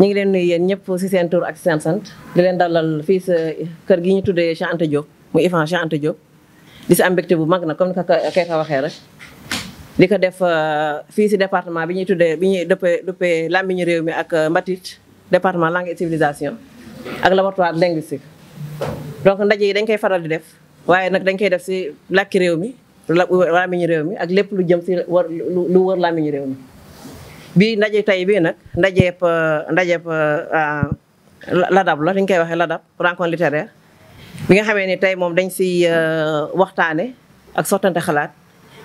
ñu ngi leen nuyu yéen ñëpp si seen tur ak seen sant di leen dalal fii sa kër gi ñu tuddee Cheikh Anta Diop muy Ifan Cheikh Anta Diop di si am mbégte bu mag na comme ni ko kay ko waxee rek di ko def euh, fii si département bi ñuy tuddee bi ñu dëppee dëppee làmbiñu réew mi ak euh, mbatit département langue et civilisation ak laboratoire linguistique donc ndaje yi dañ koy faral di def waaye nag dañ koy def si làkki réew mi làmmiñu réew mi ak lépp lu jëm si war lu wër làmmiñu réew mi bi ndaje tey bii nag ndajeeb ndajeeb euh, ladab la li ñu koy waxee ladab rencontre littéraire bi nga xamee ni tey moom dañ si euh, waxtaane ak sottante xalaat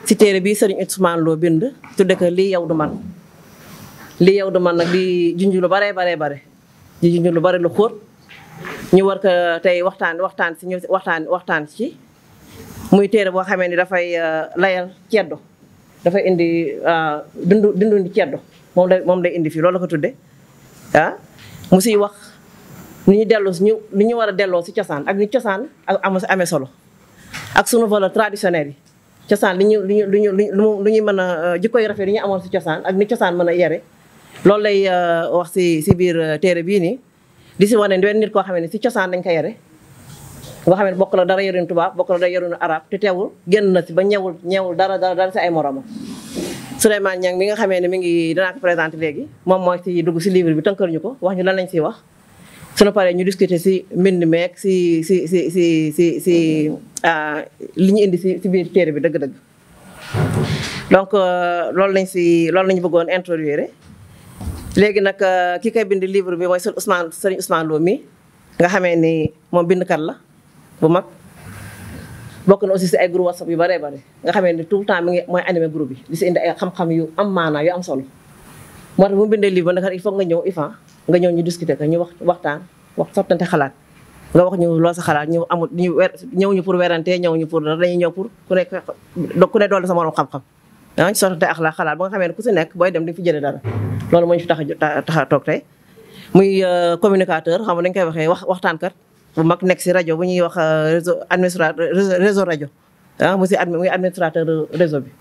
si téere bii Serigne Ousmane Lo bind tudde ko lii yow du man li yow du man nag bi junj lu baree baree bare di lu bare la xóot ñu war ko tey waxtaan waxtaan si ñu waxtaan waxtaan si muy téere boo xamee ni dafay euh, layal ceddo dafa indi dundu euh, dundu ceddo moom lay moom lay indi fii loolu la ko tudde ah, mu siy wax nu ñu delloo si ñu li ñu war a delloo si cosaan ak ñu cosaan ak am amee solo ak sunu valeur traditionnelle yi cosaan li ñu li ñu lu ñu lu ñu mën a euh, jikko yu rafet yi ñu amoon si cosaan ak ni cosaan mën a yare loolu lay euh, wax si si biir téere bii nii di si wane wenn nit koo xam ne si cosaan lañ ko yare nga xamne bokk la dara yorun tuba bokk la dara yorun arab te tewul genn na ci ba ñewul ñewul dara dara dara ci ay morom Souleymane Niang mi nga xamé ni mi ngi dana ko présenter légui mom mo ci dugg ci livre bi tenkal ñuko wax ñu lan lañ ci wax suñu paré ñu discuter ci mind mek ci ci ci ci ci ci ah li ñu indi ci ci biir téré bi deug deug donc euh, lool lañ ci lool lañ bëggoon introduire légui nak euh, ki kay bind livre bi moy Serigne Ousmane Serigne Ousmane Lomi nga xamé ni mom bind kat la bu mag bokk na aussi ci ay groupe whatsapp yu bare bare nga xamé ni tout temps mi ngi moy animer groupe bi di ci indi ay xam-xam yu am mana yu am solo mo tax bu mu livre nag il faut nga ñëw ifa nga ñëw ñu discuter ka ñu wax waxtaan wax sottante xalaat nga wax ñu lo sa xalaat ñu amul ñu wer ñëw ñu pour wéranté ñëw ñu pour dañu dañuy ñëw pour ku nek do ku ne doole sa morom xam-xam nga ñu sottante akhla xalaat bu nga xamé ku ci nek boy dem di fi jëlé dara loolu moñ fi tax a tax a toog muy euh, communicateur xam nga dañ koy waxé wax kat bu mag nekk si rajo bu ñuy wax euh, réseau administrateur réseau rajo ah mu si admi muy administrateur réseau bi.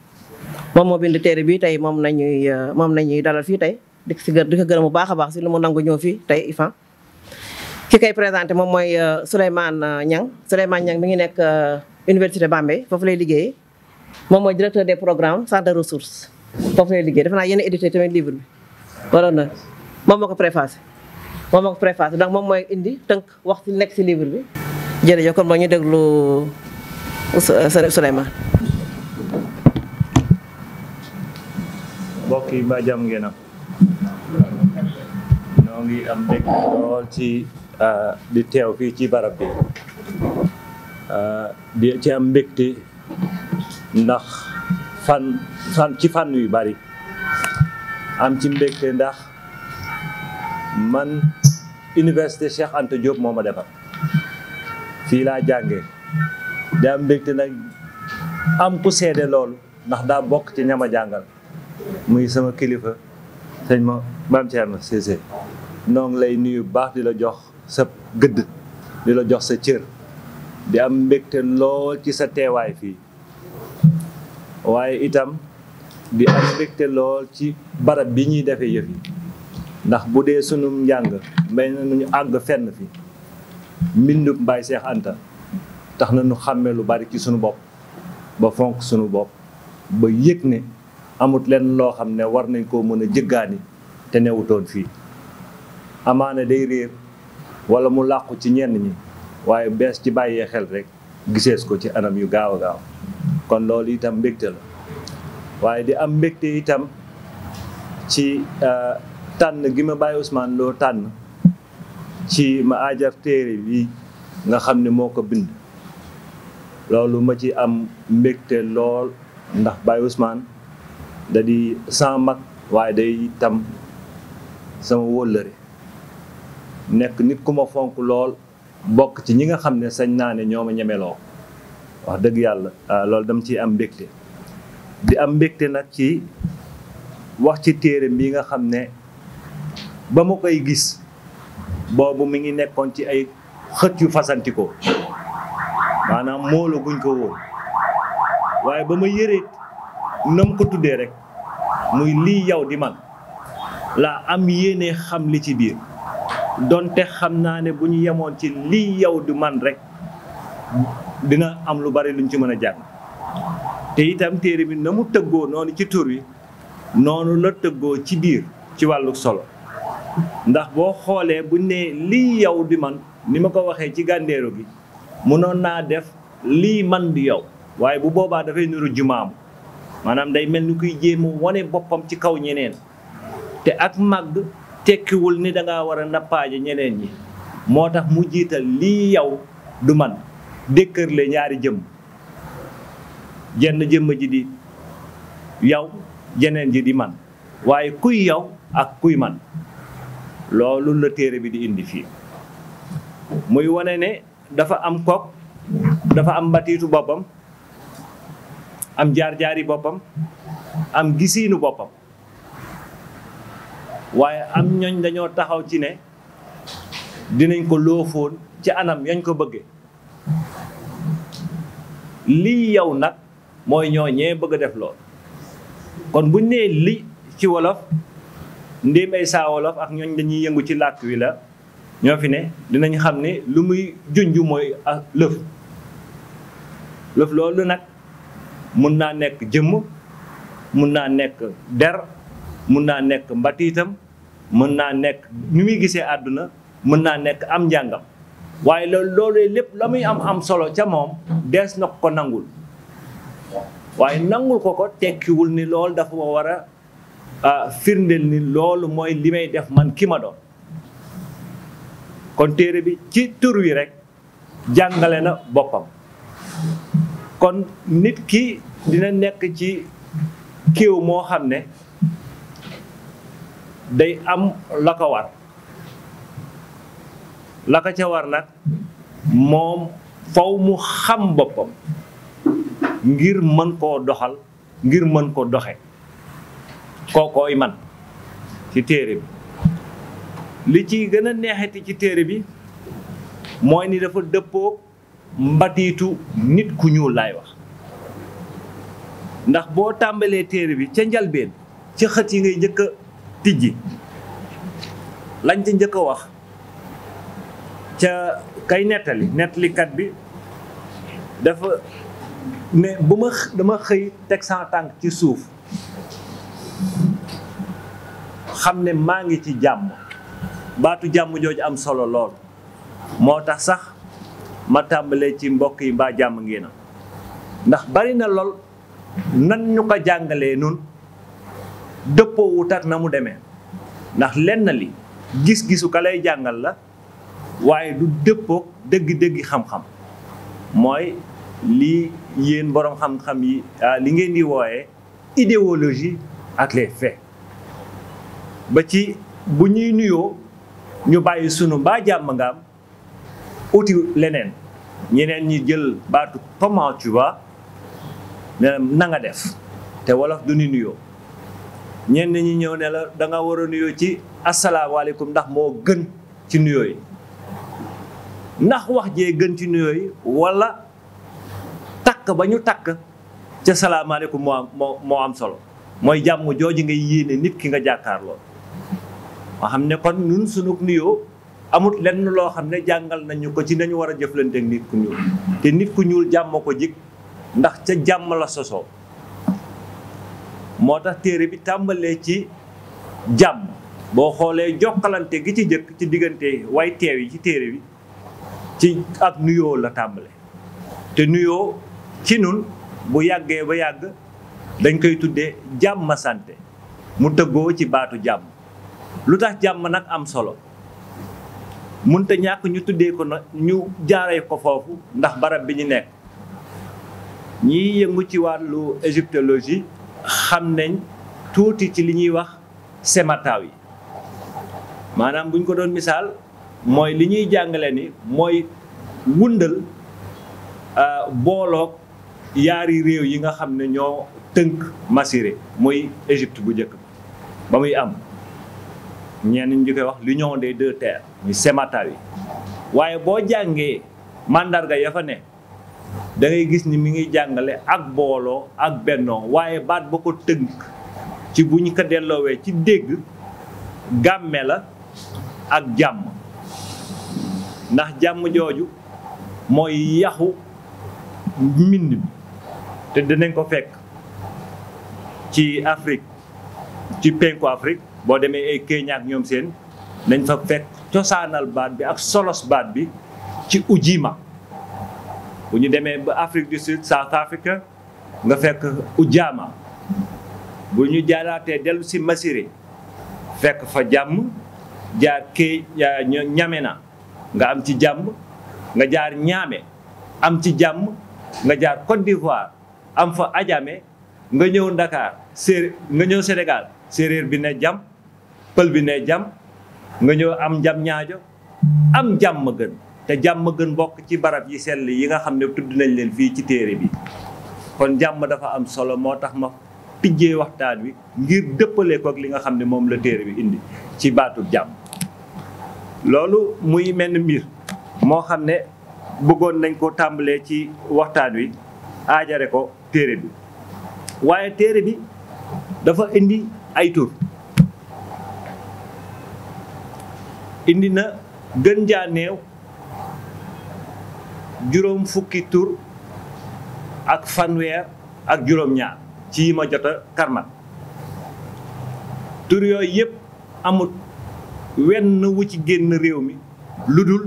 moom moo bind téere bi tey moom nañuy euh, moom nañuy dalal fii tey di si gër di ko gërëm bu baax a baax si lu mu nangu ñëw fii i IFAN. ki koy présenté moom mooy euh, Souleymane Niang Souleymane Niang mi ngi nekk université Bambey foofu lay liggéeyee moom mooy directeur des programmes centre de ressources foofu lay liggéey def naa yéen édité tamit livre bi waroon na moom moo ko préfacé. moom moo moom mooy indi tënk wax ci nekk si livre bi. jërëjëf kon moo ñu déglu sëriñ euh, Souleymane. mbokk yi mbaa jàmm ngeen am ñoo ngi am dégg lool ci euh, di teew fii ci barab bi euh, di ci am mbégte ndax fan ci fànn yu bari am ci mbégte ndax man université Cheikh Anta Diop moo ma defar fii laa jàngee daa mbégte nag am ku seede loolu ndax daa bokk ci ñama jàngal muy sama kilifa sëñ ma maam Thierno Cissé noo ngi lay nuyu baax di la jox sa gëdd di la jox sa cër di am mbégte lool ci sa teewaay fii waaye itam di am mbégte lool ci barab bi ñuy defee yëf yi ndax bu dee sunum njàng may na nu àgg fenn fi mbindub Mbaye Cheikh Anta tax na nu xàmmee lu bari ci sunu bopp ba fonk sunu bopp ba yëg ne amut leen loo xam ne war nañ koo mën a jëggaani te newutoon fii amaana day réer wala mu làqu ci ñenn ñi waaye bees ci bàyyee xel rek gisees ko ci anam yu gaaw a gaaw kon loolu itam mbégte la waaye di am mbégte itam ci euh, tànn gi ma bàyyi Ousmane loo tànn ci ma ajar téere bi nga xam ne moo ko bind loolu ma ci am mbégte lool ndax Baye Ousmane da di sans mag waaye day tam sama wóllëre nekk nit ku ma fonk lool bokk ci ñi nga xam ne sañ naa ne ñoo ma ñemeloo wax dëgg yàlla ah, loolu dam ciy am mbégte di am mbégte nag ci wax ci téere bi nga xam ne ba ma koy gis boobu mu ngi nekkoon ci ay xët yu fasantikoo maanaam moolo guñ ko woon waaye ba ma yëreet nam ko tuddee rek muy lii yow di man laa am yéene xam li ci biir donte xam naa ne bu ñu yemoon ci lii yow di man rek dina am lu bari luñ ci mën a jàng te itam téere bi na mu tëggoo noonu ci tur wi noonu la tëggoo ci biir ci wàllu solo ndax boo xoolee bu ne lii yow di man ni ma ko waxee ci gàndeeru gi mënoon naa def lii man di yow waaye bu boobaa dafay nuru jumaam maanaam day mel ni kuy jéem mu wane boppam ci kaw ñeneen te ak màgg tekkiwul ni danga war a nappaaje ñeneen ñi moo tax mu jiital lii yow du man dékkërle ñaari jëm jenn jëmm ji di yow jeneen ji di man waaye kuy yow ak kuy man loolu la téere bi di indi fii muy wane ne dafa am kook dafa am mbatiitu boppam am jaar-jaari boppam am gisiinu boppam waaye am ñoñ dañoo taxaw ci ne dinañ ko loofoon ci anam yañ ko bëgge lii yow nag mooy ñoo ñee bëgg a def lool kon buñ nee li ci wolof ndéem ay saa ak ñooñ dañuy yëngu ci làkk wi la ñoo fi ne dinañ xam ne lu muy junj mooy lëf lëf loolu nag mun naa nekk jëmm mun naa nekk der mun naa nekk mbatiitam mën naa nekk ñu muy gisee àdduna mën naa nekk am njàngam waaye loolu lépp la muy am am solo ca moom dees na ko nangul waaye nangul ko ko tekkiwul ni loolu dafa war firndeel ni loolu mooy limay def man ki ma doon kon téere bi ci tur wi rekk jàngale na boppam kon nit ki dina nekk ci kiw moo xam ne day am la ko war la ko ca war nag moom faw mu xam boppam ngir mën koo doxal ngir mën koo doxe kookooy man ci téere bi li ciy gën a neexati ci téere bi mooy ni dafa dëppoo mbatiitu nit ku ñuul laay wax ndax boo tàmbalee téere bi ca njalbeen ca xët yi ngay njëkk a tijji lañ ca njëkk a wax ca kay nettali nettalikat bi dafa ne bu ma dama xëy teg sama tànk ci suuf xamne ne ngi ci jamm baatu jamm jooju am solo lol motax sax ma tambale ci mbokk yi ba jamm ngeena ndax bari na lol nan ñu ko jangale nun depo wut ak na mu demee ndax lenn li gis-gisu ka lay jàngal la waye du depo deug deug xam-xam moy li yeen borom xam-xam yi ah, li ngeen di woyé idéologie ak les faits ba ci bu ñuy nuyoo ñu bàyyi sunu mbaa jàmm nga uti leneen ñeneen ñi jël baatu comment tu vas na def te wolof du ñu nuyoo ñenn ñi ñëw ne la da war a nuyoo ci asalaamaaleykum ndax moo gën ci nuyoo ndax wax jee gën ci nuyooy yi wala takk ba ñu takk ca salaamaaleykum moo am moo am solo mooy jàmm jooju nga yéene nit ki nga jàkkaarloo. ma xam ne kon ñun sunu nuyoo amut lenn loo xam ne jàngal nañu ko ci nañu war a jëflante ak nit ku ñuul te nit ku ñuul jàmm ko jik ndax ca jàmm la sosoo moo tax téere bi tàmbalee ci jàmm boo xoolee jokkalante gi ci jëkk ci diggante way teew yi ci téere bi ci ak nuyoo la tàmbale te nuyoo ci nun bu yàggee ba yàgg dañ koy tuddee jàmm sante mu tëggoo ci baatu jàmm lu tax jàmm nag am solo munta ñàkk ñu tuddee ko nag ñu jaaree ko foofu ndax barab bi ñu nekk ñiy yëngu ci wàllu égyptologie xam nañ tuuti ci li ñuy wax semataaw yi maanaam buñ ko doon misaal mooy li ñuy jàngale ni mooy wundal euh, boolook yaari réew yi nga xam ne ñoo tënk masiré mooy Égypte bu njëkk ba muy am ñen ñu koy wax l'union des deux terres muy semata wi waye bo jangé mandarga ya fa né da ngay gis ni mi ngi jangalé ak bolo ak benno waye baat bako teunk ci buñu ñu ko delloowee ci dégg gamé la ak jàmm ndax jàmm jooju moy yahu min te dinañ ko fekk ci afrique ci penko afrique boo demee ay Kenya ñoom seen nañ fa fekk cosaanal baat bi ak solos baat bi ci ujima bu ñu demee ba Afrique du Sud South Africa nga fekk ujaama bu ñu jaaraatee dellu si Masiré fekk fa jàmm jaar kee ñame na nga am ci jàmm nga jaar ñaame am ci jàmm nga jaar Côte d'Ivoire am fa ajame nga ñëw Dakar séer nga ñëw Sénégal séeréer bi ne jàmm pël bi ne jàmm nga ñëw am jàmm ñaajo am jàmm gën te jàmm gën bokk ci barab yi sell yi nga xam ne tudd nañ leen fii ci téere bi kon jàmm dafa am solo moo tax ma tijjee waxtaan wi ngir dëppale ko ak li nga xam ne moom la téere bi indi ci baatu jàmm loolu muy menn mbir moo xam ne bëggoon nañ ko tàmbalee ci waxtaan wi aajare ko téere bi waaye téere bi dafa indi ay tur indi na gën jaa néew juróom fukki tur ak fanweer ak juróom-ñaar ci ma jot a karmat tur yooyu yëpp amut wenn wu ci génn réew mi lu dul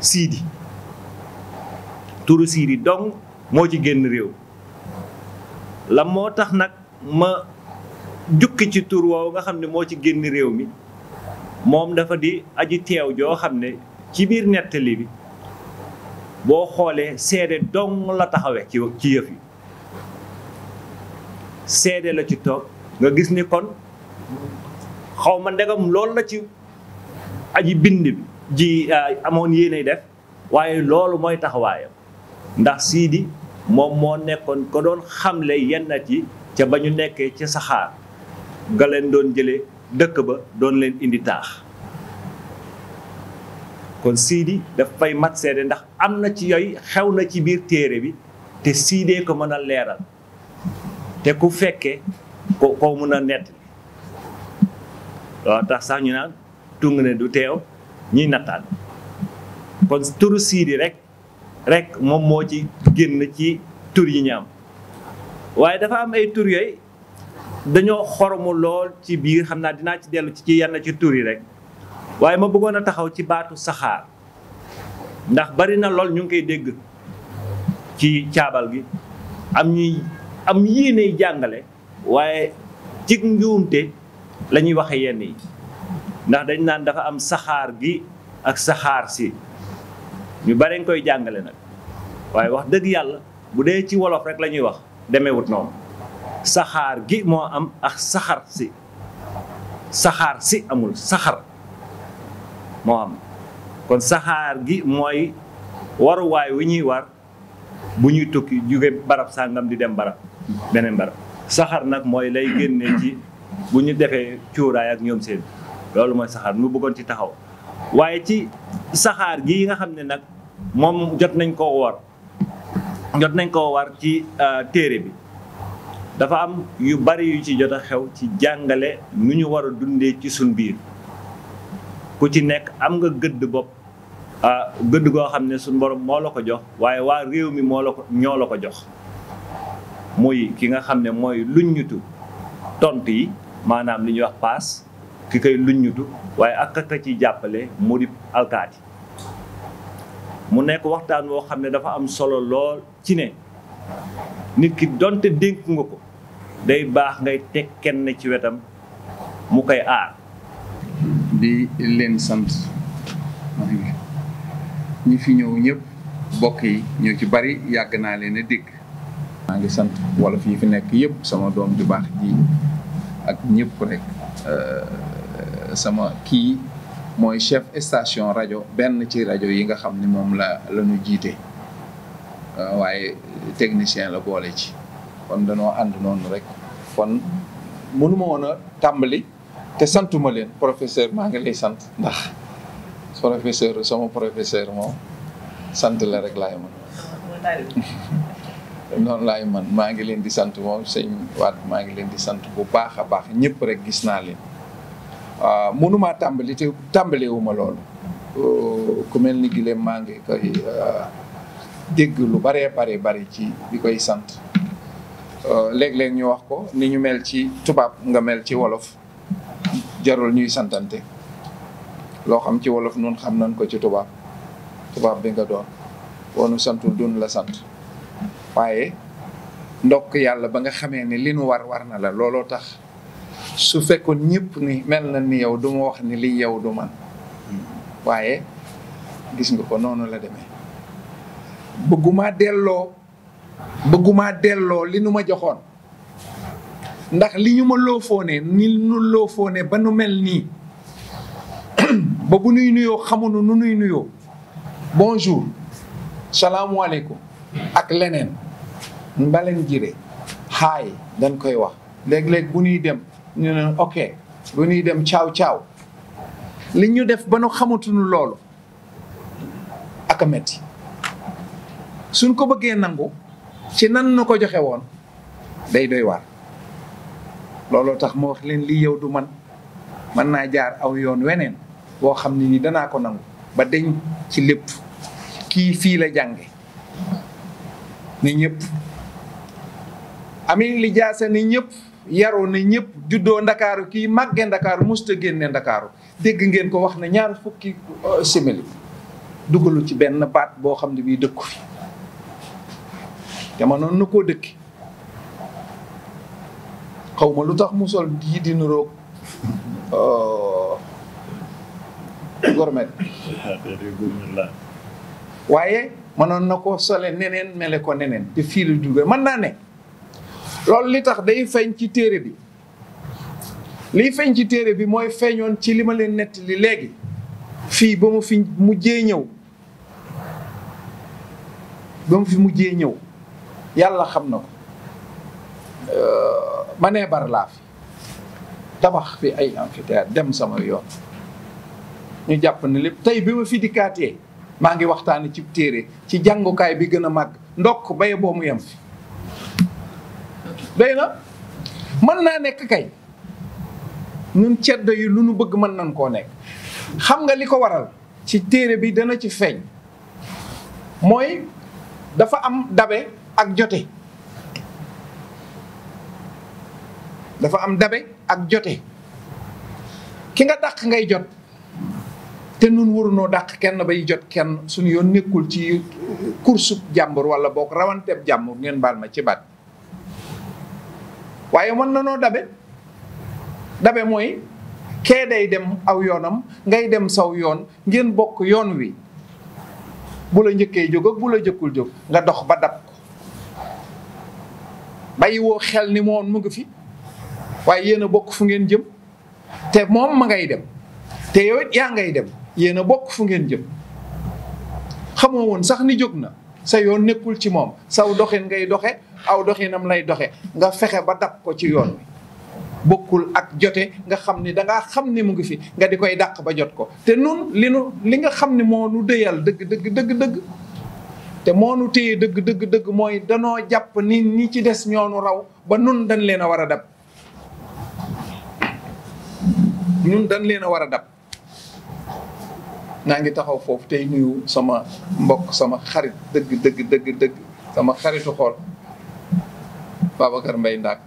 siidi turu siidi dong moo ci génn réew la moo tax nag ma jukki ci tur woowu nga xam ne moo ci génn réew mi moom dafa di aji teew joo xam ne ci biir nettali bi boo xoolee seede dong la taxawee ci ci yëf yi seede la ci toog nga gis ni kon xaw ma ndegam loolu la ci aji bind bi ji eh, amoon yéene def waaye loolu mooy taxawaayam ndax siidi moom moo nekkoon ko doon xamle yennat yi ca ba ñu nekkee ci saxaar nga leen doon jëlee dëkk ba doon leen indi taax kon siidi dafay mat seede ndax am na ci yooy xew na ci biir téere bi te siidee ko mën a leeral te ku fekke ko ko mën a nett waaw tax sax ñu naan tung ne du teew ñuy nattaan kon turu siidi rekk rek moom moo ci génn ci tur yi ñu waaye dafa am ay tur yooy dañoo xoromu lool ci biir xam naa dinaa ci dellu ci yenn ci turi rek waaye ma bëggoon a taxaw ci baatu saxaar ndax bari na lool ñu ngi koy dégg ci caabal gi am ñuy am yéeney jàngale waaye ci njuumte la ñuy waxe yenn yi ndax dañ naan dafa am saxaar gi ak saxaar si ñu bare nga koy jàngale nag waaye wax dëgg yàlla bu dee ci wolof rek la ñuy wax demewut noonu sahar gi mo am ak ah, sahar si sahar si amul sahar mo am kon sahar gi mooy waruwaay wi war buñuy tukki juge barab sangam di dem barab benen barab sahar nak moy lay genné ci buñu défé ciuray ak ñom seen loolu moy sahar mu bëggon ci taxaw waye ci sahar gi nga xamné nak mom jot nañ ko war jot nañ ko war ci ah, téré bi dafa am yu bari yu ci jot a xew ci jàngale nu ñu war a dundee ci suñ biir ku ci nekk am nga gëdd bopp ah, gëdd goo xam ne suñ borom moo la ko jox waaye waa réew mi moo la ko ñoo la ko jox muy ki nga xam ne mooy luññutu tont yi maanaam li ñuy wax paas ki koy luññutu waaye ak ka ci jàppale mu di alkaati mu nekk waxtaan woo xam ne dafa am solo lool ci ne nit ki donte dénk nga ko day baax ngay teg kenn ci wetam mu koy aar. di leen sant ñi fi ñëw ñëpp bokk yi ñoo ci bari yàgg naa leen a dégg. maa ngi sant wala fi fi nekk yëpp sama doom ju baax ji ak ñëpp rek euh, sama kii mooy chef station rajo benn ci rajo yi nga xam ni moom la la ñu jiite euh, waaye technicien la boole ci. kon danoo ànd noonu rek kon mënuma woon a tàmbali te santuma leen professeur maa ngi lay sant ndax professeur sama professeur moom sant la rek laay mën noonu laay man maa ngi leen di sant moom sëñ waat maa ngi leen di sant bu baax a baax ñëpp rek gis naa leen ah, mënumaa tàmbali te tàmbalewuma loolu oh, ku mel ni Guilhem maa ngi koy ah, dégg lu baree bare bari ci di koy sant Euh, léeg-léeg ñu wax ko ni ñu mel ci tubaab nga mel ci wolof jarul ñuy santante loo xam ci wolof nun xam nañ ko ci tubaab tubaab bi nga doon woonu santul dun la sant waaye ndokk yàlla ba nga xamee ne li nu war war na la looloo tax su fekkoon ñépp ni mel na ni yow du ma wax ni li yow du man waaye gis nga ko noonu la demee bëgguma delloo bëggumaa delloo li nu ma joxoon ndax li ñu ma loofoone ni nu loofoone ba nu mel nii ba bu nuy nuyoo xamuñu nu nuy nuyoo bonjour salaamualeykum ak leneen mbaleen jire haay dañ koy wax léeg-léeg bu nuy dem ñu ok bu nuy dem caaw caaw li ñu def ba nu xamatuñu loolu ak a metti suñ ko bëggee nangu ci nan nako joxe won day doy war lolo tax mo wax len li yow du man man na jaar aw yoon wenen bo xamni ni dana ko nang ba deñ ci lepp ki fi la jangé ni ñepp amin li jaase ni ñepp yaro ni ñepp juddo dakar ki magge dakar musta genné dakar dégg ngeen ko wax na ñaar fukki euh, simili dugalu ci benn baat bo xamni bi dekk fi jamono na koo dëkki xaw ma lu tax mu sol yi di niroog euh, gormet waaye mënoon na koo sole neneen mele ko neneen te fii la jóge mën naa ne loolu li tax day feeñ ci téere bi liy feeñ ci téere bi mooy feeñoon ci li ma leen nettali léegi fii ba mu fi mujjee ñëw ba mu fi mujjee ñëw yalla xamna na ko ma bar la fi tabax fi ay amphithéâtre dem sama yoon ñu japp ne lepp tay bima fi dikaté ma ngi waxtaane ci téré ci kay bi gëna mag ndok baye bo mu yam fi day na mën naa kay ñun ceddo yu lu ñu bëgg man nañ ko nek xam nga liko waral ci téré bi dana ci feñ moy dafa am dabe ak jote dafa am dabe ak jote ki nga dàq ngay jot te nun noo daq kenn bay jot kenn suñu yoon nekkul ci kursu jàmbur wala boog rawanteeb jàmbur ngeen baal ma ci baat waaye mën na noo dabe dabe mooy kee day dem aw yoonam ngay dem saw yoon ngeen bokk yoon wi bu la njëkkee jóg ak jëkkul jóg nga dox ba dab bàyyi woo xel ni moom mu ngi fi waaye yéen a bokk fu ngeen jëm te moom ma ngay dem te yow it yaa ngay dem yéen a bokk fu ngeen jëm xamoo woon sax ni jóg na sa yoon nekkul ci moom saw doxin ngay doxe aw doxinam lay doxe nga fexe ba dab ko ci yoon wi bokkul ak jote nga xam ni danga xam ni mu ngi fi nga di koy dàq ba jot ko te nun li nu li nga xam ni moo nu dëyal dëgg dëgg dëgg dëgg te moonu téye dëgg dëgg dëgg mooy danoo jàpp ni ñi ci des ñoonu raw ba nun dañ leen a war a dab ñun dañ leen a war a dab naa ngi taxaw foofu tey nuyu sama mbokk sama xarit dëgg dëgg dëgg sama xaritu xool Babacar Mbaye Ndaak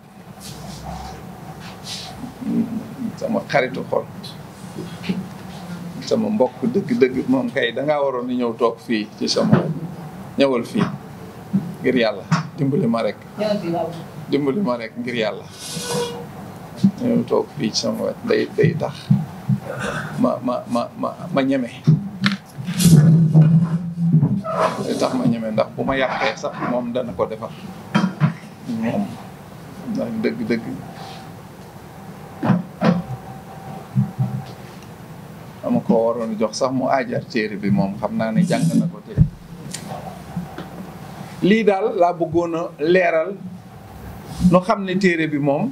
sama xaritu xool sama mbokk dëgg dëgg moom kay dangaa waroon ni ñëw toog fii ci sama ñëwal fi ngir yalla dimbali ma rek dimbali ma rek ngir yalla ñu tok fi ci sama wet day day tax ma ma ma ma ma ñame day tax ma ñame ndax buma yaxé sax mom dana ko defal mom ndax deug deug ama ko waroon jox sax mu aajar téré bi mom. xamna naa jang na ko lii daal laa bëggoon a leeral nu xam ne téere bi moom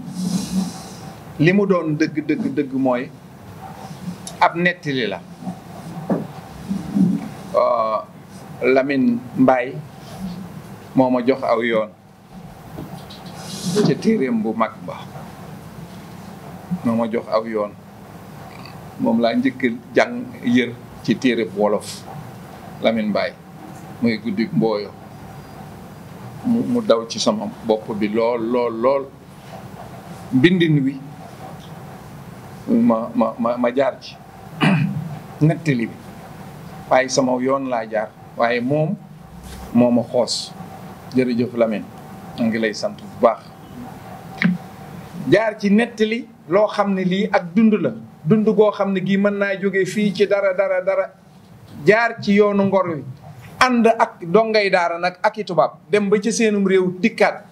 li mu doon dëgg dëgg dëgg mooy ab nettali la euh, lamin mbaay moo ma jox aw yoon ca téereem bu mag ba moo ma jox aw yoon moom laa njëkk jàng yër ci téere wolof lamin mbaay muy guddi mbooyo mu daw ci sama bopp bi lool lool lool mbindin wi ma ma ma jaar ci nettali bi waaye sama yoon laa jaar waaye moom moo ma xoos jërëjëf Lamine mu ngi lay sant bu baax jaar ci nettali loo xam ne lii ak dund la dund goo xam ne gii mën naa jóge fii ci dara dara dara jaar ci yoonu ngor wi ànd ak dongay daara nag ak i tubaab dem ba ci seenum réew dikkaat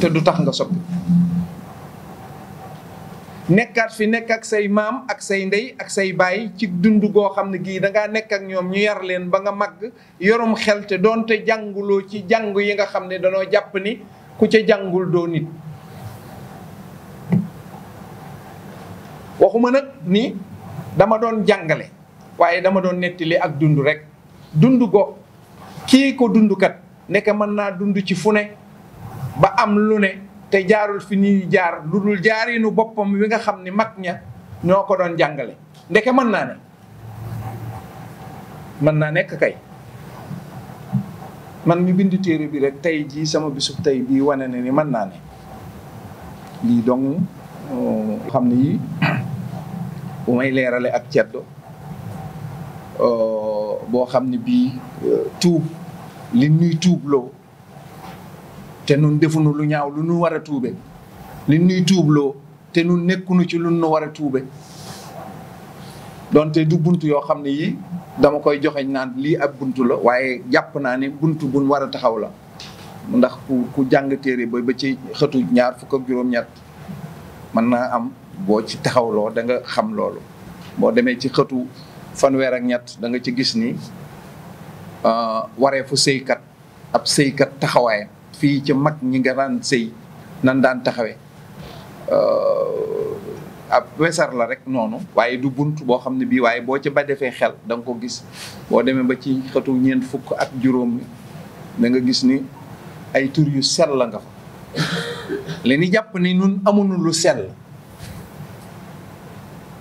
te du tax nga soppi nekkaat fi nekk ak say maam ak say ndey ak say baay ci dund goo xam ne gii dangaa nekk ak ñoom ñu yar leen ba nga màgg yorum xel te doonte jànguloo ci jàngu yi nga xam ne danoo jàpp ni ku ca jàngul doo nit waxuma nag ni dama doon jàngale waaye dama doon nettali ak dund rekk dund go ki ko dundu kat nek man na dundu ci fune ne ba am lu ne te jaarul fi jaar dudul jaarinu boppam wi nga xamni ni mag ña ñoo ko doon jàngale ndeke ne man na nek kay man mi bindu tere bi rek tay ji sama bisub tay bi wanene ne ni man na ne li dong xamni yi umay leralé ak Euh, boo xam ne bii euh, tuub li ñuy tuubloo te nun defunu lu ñaaw lu nu war a tuube li ñuy tuubloo te nun nekkunu ci lu nu war a tuube donte du bunt yoo xam ne yi dama koy joxeñ naan lii a bunt la waaye jàpp naa ne bunt buñ war a taxaw la ndax ku ku jàng téere ba ci xëtu ñaar fukk ak juróom-ñett mën naa am boo ci taxawloo da nga xam loolu boo demee ci xëtu fanweer ak ñatt da nga ci gis ni euh, sey kat ab kat taxaway fi ci mag ñi nga daan sey nan daan euh ab wesar la rek nonu waye du buntu bo xamni bi waye bo ci ba défé xel da nga ko gis bo démé ba ci xatu ñeen fukk ak juroom da nga gis ni ay tour yu sel la nga fa leen ni nun amunu lu sel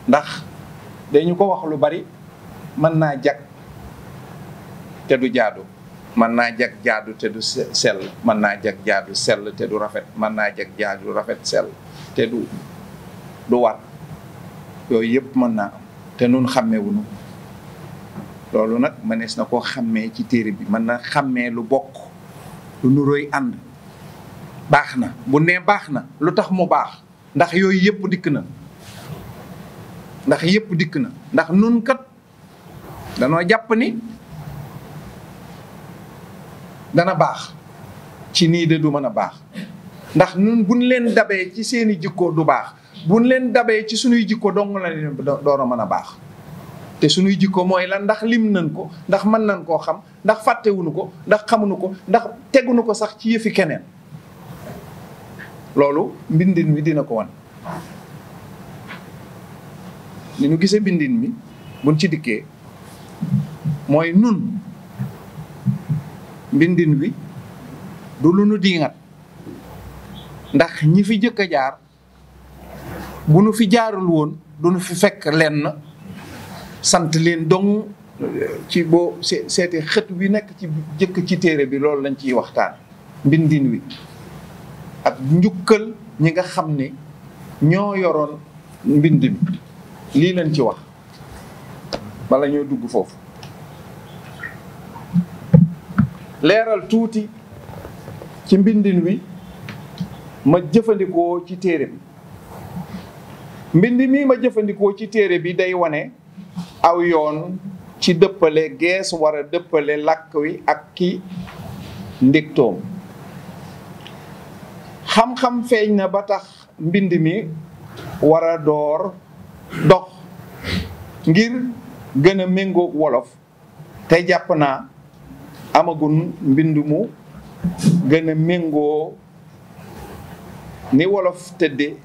ndax dañu ko wax lu bari mën naa jag te du jaadu mën naa jag jaadu te du sell mën naa jag jaadu sel te du rafet mën naa jag jaadu rafet sel te du du war yooyu yëpp mën naa am te nun xàmmeewuñu loolu nag mënees na koo xàmmee ci téere bi mën na xàmmee lu bokk lu nuróoy ànd baax na bu nee baax na lu tax mu baax ndax yooyu yëpp dikk na ndax yëpp dikk na ndax nun kat danoo jàpp ni dana baax ci nii de du mën a baax ndax ñun buñ leen dabee ci seeni jikko du baax buñ leen dabee ci suñuy jikko dong la leen doon a mën a baax te suñuy jikko mooy lan ndax lim nañ ko ndax mën nañ koo xam ndax fàttewuñu ko ndax xamuñu ko ndax teguñu ko sax ci yëfi keneen loolu mbindin mi dina ko wan ni ñu gisee mbindin mi buñ ci dikkee mooy nun mbindin wi du lu nu diiŋat ndax ñi fi jëkk a jaar bu nu fi jaarul woon du nu fi fekk lenn sant leen dong ci boo seete xët wi nekk ci jëkk ci téere bi loolu lañ ciy waxtaan mbindin wi ak njukkal ñi nga xam ni ñoo yoroon mbind lii lañ ci wax bala ñoo dugg foofu leeral tuuti ci mbindin wi ma jëfandikoo ci téere bi mbind mi ma jëfandikoo ci téere bi day wane aw yoon ci dëppale gees war a dëppale làkk wi ak ki ndiktoom xam-xam feeñ na ba tax mbind mi wara door dox ngir gën a wolof te jàpp naa amagun mbind mu gën a méngoo ni wolof tëdde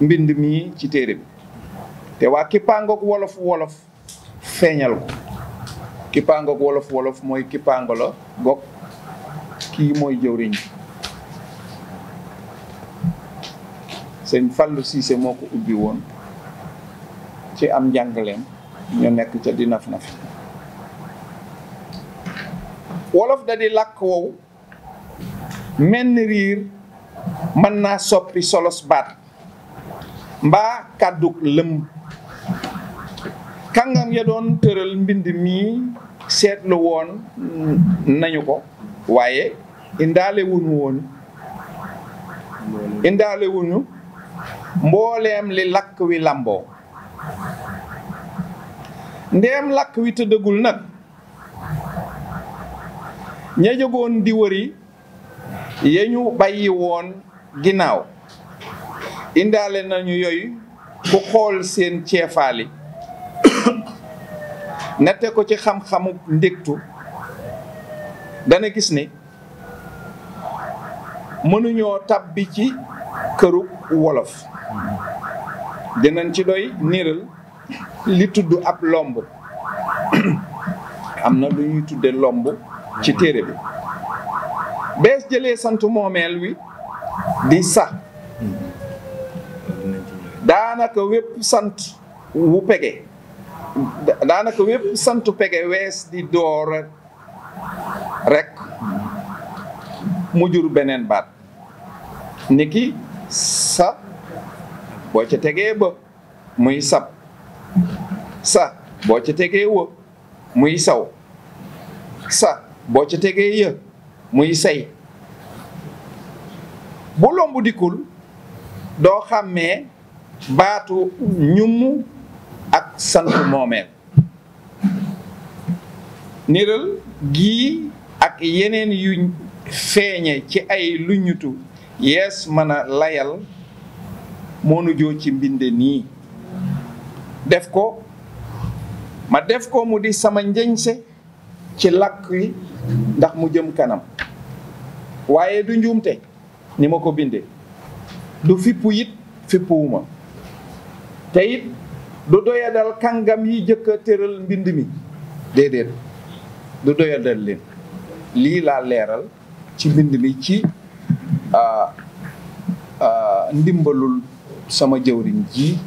mbind mi ci téere te wa kippaangoog wolof wolof feeñal ko kippaangoog wolof wolof mooy kippaango la goog kii mooy jëwriñ seen Fallou Cissé moo ubbi woon ci am njàngaleem ñu nekk ca di wolof da di làkk wow menn riir mën naa soppi solos baat mbaa kàdduk lëm kàngam ya doon tëral mbind mi seetlu woon nañu ko waaye indaale wuñu woon indaale wuñu mbooleem li lakk wi làmboo ndeem làkk wi tëddagul nag ña jógoon di wëri ya ñu bàyyi woon ginnaaw indaale nañu yoy ku xool seen ceefaali nette ko ci xam-xamu ndégtu dana gis ni mënuñoo tàbbi ci këru wolof dinañ ci doy niiral li tudd ab lomb am na lu ñuy tudde lomb ci téere bi bees jëlee santu moomeel wi di sax daanaka wépp sant wu pege daanaka wépp sant pege wees di door rek mu jur beneen baat niki sa boo ci tegee ba muy sab sa boo ca tegee wa muy saw sa boo ca tegee yë muy say bu lomb dikkul doo xàmmee baatu ñum ak sant moomeel niral gii ak yeneen yu feeñe ci ay luñutu yees mën layal moonu ci mbind nii def ko ma def ko mu di sama se, ci lak yi ndax mu jëm kanam waye du te ni ma ko du fippu it fippuwuma te it du dal kangam yi jëkk a mbind mi déedéet du doyadal leen lii ci mbind mi ndimbalul sama jëwriñ ji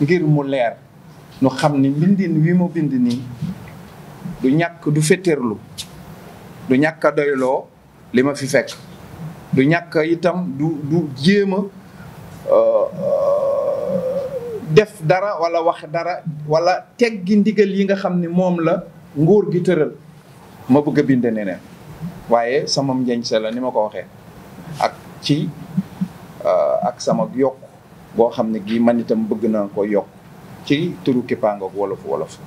ngir mu leral nu xamni ni mbindin wi mo bind ni du ñak du fetterlu du ñàkk doylo lima fi fek du ñàkk itam du du jema euh, euh, def dara wala wax dara wala teggi ndigal yi nga xamni mom la nguur gi teural ma bëgg bind waye sama njañ sa la ni ko waxe ak ci euh, ak sama yok bo xamni gi man itam bëgg na ko yok ci turu Kippaangoog wolof wolof